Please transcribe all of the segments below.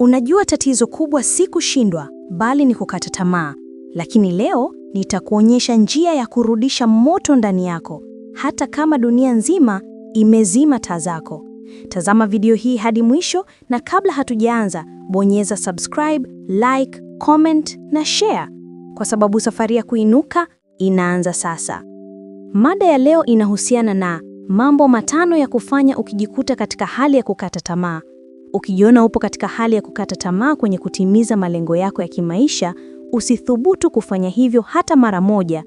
Unajua, tatizo kubwa si kushindwa, bali ni kukata tamaa. Lakini leo nitakuonyesha njia ya kurudisha moto ndani yako, hata kama dunia nzima imezima taa zako. Tazama video hii hadi mwisho, na kabla hatujaanza, bonyeza subscribe, like, comment na share, kwa sababu safari ya kuinuka inaanza sasa. Mada ya leo inahusiana na mambo matano ya kufanya ukijikuta katika hali ya kukata tamaa. Ukijiona upo katika hali ya kukata tamaa kwenye kutimiza malengo yako ya kimaisha, usithubutu kufanya hivyo hata mara moja,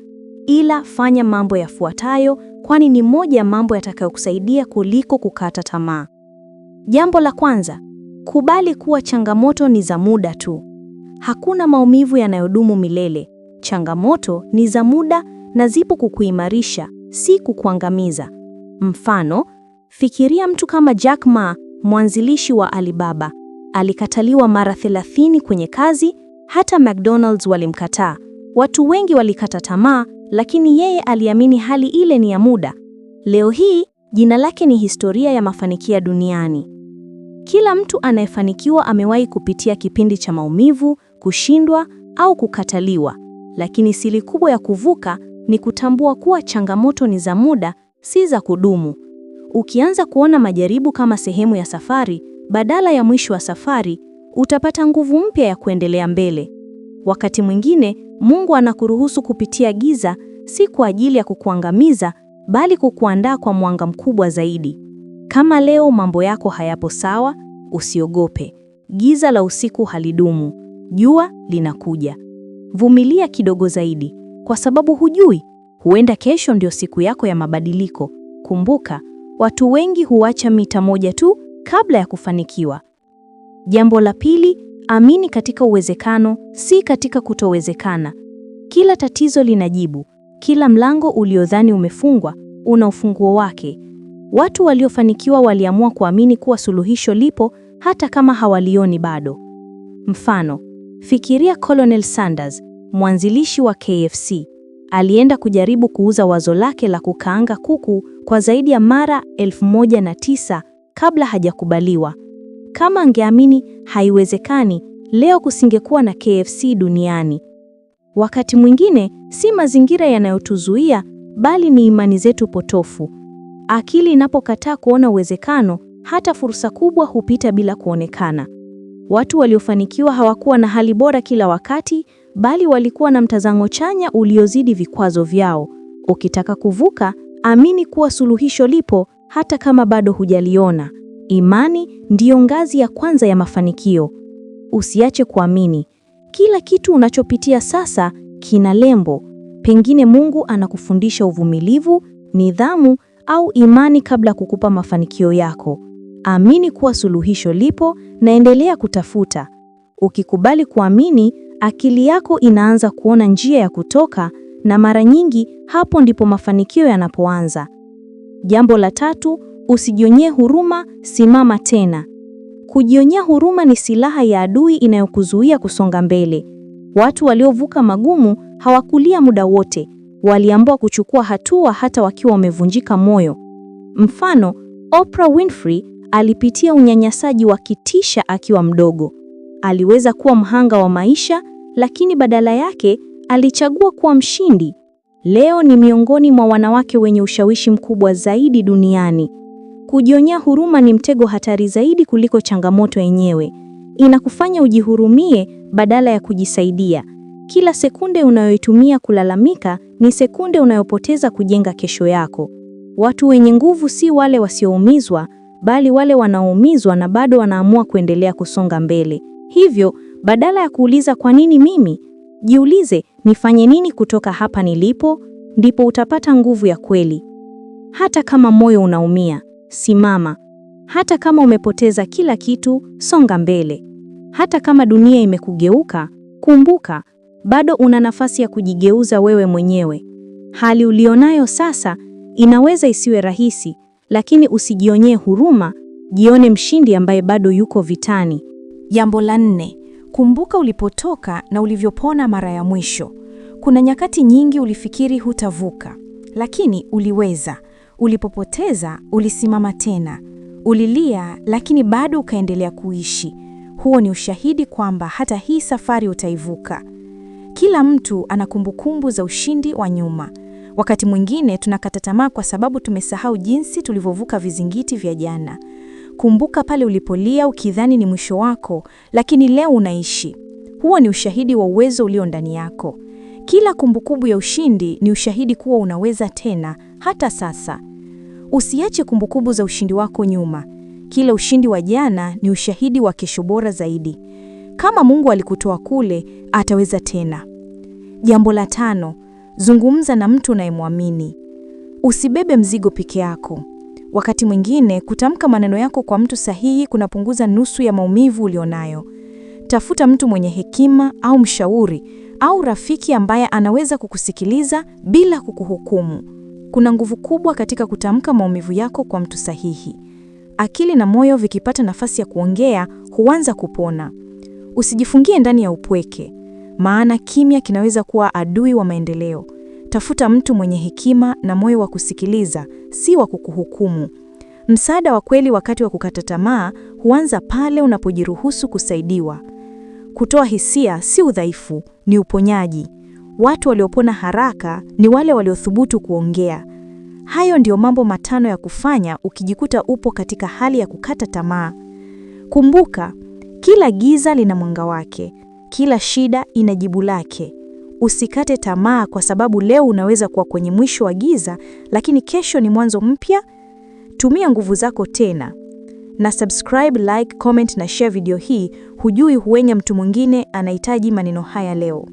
ila fanya mambo yafuatayo, kwani ni moja ya mambo yatakayokusaidia kuliko kukata tamaa. Jambo la kwanza, kubali kuwa changamoto ni za muda tu. Hakuna maumivu yanayodumu milele. Changamoto ni za muda na zipo kukuimarisha, si kukuangamiza. Mfano, fikiria mtu kama Jack Ma mwanzilishi wa Alibaba, alikataliwa mara 30 kwenye kazi, hata McDonald's walimkataa. Watu wengi walikata tamaa, lakini yeye aliamini hali ile ni ya muda. Leo hii jina lake ni historia ya mafanikio duniani. Kila mtu anayefanikiwa amewahi kupitia kipindi cha maumivu, kushindwa au kukataliwa, lakini siri kubwa ya kuvuka ni kutambua kuwa changamoto ni za muda, si za kudumu. Ukianza kuona majaribu kama sehemu ya safari badala ya mwisho wa safari, utapata nguvu mpya ya kuendelea mbele. Wakati mwingine Mungu anakuruhusu kupitia giza, si kwa ajili ya kukuangamiza, bali kukuandaa kwa mwanga mkubwa zaidi. Kama leo mambo yako hayapo sawa, usiogope. Giza la usiku halidumu, jua linakuja. Vumilia kidogo zaidi, kwa sababu hujui, huenda kesho ndio siku yako ya mabadiliko. Kumbuka, Watu wengi huacha mita moja tu kabla ya kufanikiwa. Jambo la pili, amini katika uwezekano, si katika kutowezekana. Kila tatizo lina jibu. Kila mlango uliodhani umefungwa una ufunguo wake. Watu waliofanikiwa waliamua kuamini kuwa suluhisho lipo hata kama hawalioni bado. Mfano, fikiria Colonel Sanders, mwanzilishi wa KFC alienda kujaribu kuuza wazo lake la kukaanga kuku kwa zaidi ya mara elfu moja na tisa kabla hajakubaliwa. Kama angeamini haiwezekani, leo kusingekuwa na KFC duniani. Wakati mwingine si mazingira yanayotuzuia, bali ni imani zetu potofu. Akili inapokataa kuona uwezekano, hata fursa kubwa hupita bila kuonekana. Watu waliofanikiwa hawakuwa na hali bora kila wakati, bali walikuwa na mtazamo chanya uliozidi vikwazo vyao. Ukitaka kuvuka, amini kuwa suluhisho lipo hata kama bado hujaliona. Imani ndiyo ngazi ya kwanza ya mafanikio. Usiache kuamini. Kila kitu unachopitia sasa kina lembo. Pengine Mungu anakufundisha uvumilivu, nidhamu au imani kabla ya kukupa mafanikio yako. Amini kuwa suluhisho lipo na endelea kutafuta. Ukikubali kuamini, akili yako inaanza kuona njia ya kutoka, na mara nyingi hapo ndipo mafanikio yanapoanza. Jambo la tatu, usijionyee huruma, simama tena. Kujionyea huruma ni silaha ya adui inayokuzuia kusonga mbele. Watu waliovuka magumu hawakulia muda wote, waliamua kuchukua hatua hata wakiwa wamevunjika moyo. Mfano, Oprah Winfrey alipitia unyanyasaji wa kitisha akiwa mdogo. Aliweza kuwa mhanga wa maisha lakini badala yake alichagua kuwa mshindi. Leo ni miongoni mwa wanawake wenye ushawishi mkubwa zaidi duniani. Kujionyea huruma ni mtego hatari zaidi kuliko changamoto yenyewe. Inakufanya ujihurumie badala ya kujisaidia. Kila sekunde unayoitumia kulalamika ni sekunde unayopoteza kujenga kesho yako. Watu wenye nguvu si wale wasioumizwa, bali wale wanaoumizwa na bado wanaamua kuendelea kusonga mbele. Hivyo badala ya kuuliza kwa nini mimi, jiulize nifanye nini kutoka hapa nilipo, ndipo utapata nguvu ya kweli. Hata kama moyo unaumia, simama. Hata kama umepoteza kila kitu, songa mbele. Hata kama dunia imekugeuka, kumbuka bado una nafasi ya kujigeuza wewe mwenyewe. Hali ulionayo sasa inaweza isiwe rahisi, lakini usijionyee huruma, jione mshindi ambaye bado yuko vitani. Jambo la nne, Kumbuka ulipotoka na ulivyopona mara ya mwisho. Kuna nyakati nyingi ulifikiri hutavuka, lakini uliweza. Ulipopoteza, ulisimama tena. Ulilia, lakini bado ukaendelea kuishi. Huo ni ushahidi kwamba hata hii safari utaivuka. Kila mtu ana kumbukumbu za ushindi wa nyuma. Wakati mwingine tunakata tamaa kwa sababu tumesahau jinsi tulivyovuka vizingiti vya jana. Kumbuka pale ulipolia ukidhani ni mwisho wako, lakini leo unaishi. Huo ni ushahidi wa uwezo ulio ndani yako. Kila kumbukumbu ya ushindi ni ushahidi kuwa unaweza tena, hata sasa. Usiache kumbukumbu za ushindi wako nyuma. Kila ushindi wa jana ni ushahidi wa kesho bora zaidi. Kama Mungu alikutoa kule, ataweza tena. Jambo la tano, zungumza na mtu unayemwamini. Usibebe mzigo peke yako. Wakati mwingine kutamka maneno yako kwa mtu sahihi kunapunguza nusu ya maumivu ulionayo. Tafuta mtu mwenye hekima au mshauri au rafiki ambaye anaweza kukusikiliza bila kukuhukumu. Kuna nguvu kubwa katika kutamka maumivu yako kwa mtu sahihi. Akili na moyo vikipata nafasi ya kuongea, huanza kupona. Usijifungie ndani ya upweke, maana kimya kinaweza kuwa adui wa maendeleo. Tafuta mtu mwenye hekima na moyo wa kusikiliza, si wa kukuhukumu. Msaada wa kweli wakati wa kukata tamaa huanza pale unapojiruhusu kusaidiwa. Kutoa hisia si udhaifu, ni uponyaji. Watu waliopona haraka ni wale waliothubutu kuongea. Hayo ndiyo mambo matano ya kufanya ukijikuta upo katika hali ya kukata tamaa. Kumbuka, kila giza lina mwanga wake, kila shida ina jibu lake. Usikate tamaa, kwa sababu leo unaweza kuwa kwenye mwisho wa giza, lakini kesho ni mwanzo mpya. Tumia nguvu zako tena, na subscribe, like, comment na share video hii. Hujui, huenya mtu mwingine anahitaji maneno haya leo.